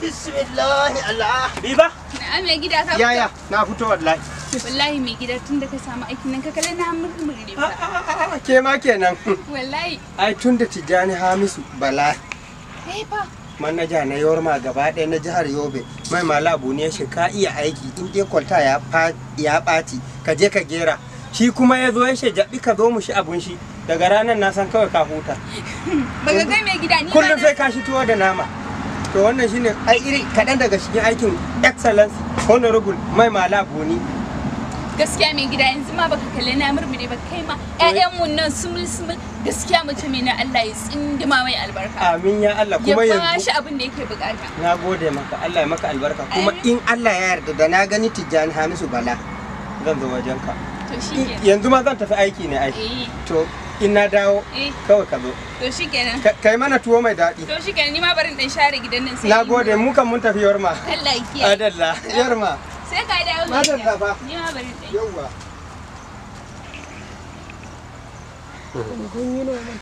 Bismillah Allah. Biba? Na'am mai gida ka fito. Yaya, na fito wallahi. Wallahi mai gida tun da ka samu aikin nan ka kalle na murmuri fa. Ah, ah, ah, ke ma kenan. Wallahi. Ai tun da Tijjani Hamisu Bala. Eh fa. manaja na yorma gaba ɗaya na jihar yobe mai abu ne shi ka iya aiki in dai kwalta ya ɓaci ka je ka gera shi kuma ya zo ya shajabi ka zo mu shi abun shi daga ranar na san kawai ka huta. ga kai mai gida ni Kullum sai ka shi tuwo da nama. to wannan shine ai iri kaɗan daga cikin aikin excellence honorable mai mala boni gaskiya mai gida yanzu ma baka kalle na murmure ba kai ma ƴaƴan mu nan sumul sumul gaskiya mai na Allah ya tsindima mai albarka amin ya Allah kuma yanzu ya shi abin da yake bukata na gode maka Allah ya maka albarka kuma in Allah ya yarda da na gani Tijjani Hamisu Bala zan zo wajenka yanzu ma zan tafi aiki ne ai eh. to in na dawo eh. kawai ka zo to shikenan kai mana tuwo mai daɗi to shikenan ni ma barin dan share gidan nan sai na gode mu kan mun tafi yorma Allah ya kiyaye adalla yorma sai ka dawo madalla fa ni ma barin dan yawwa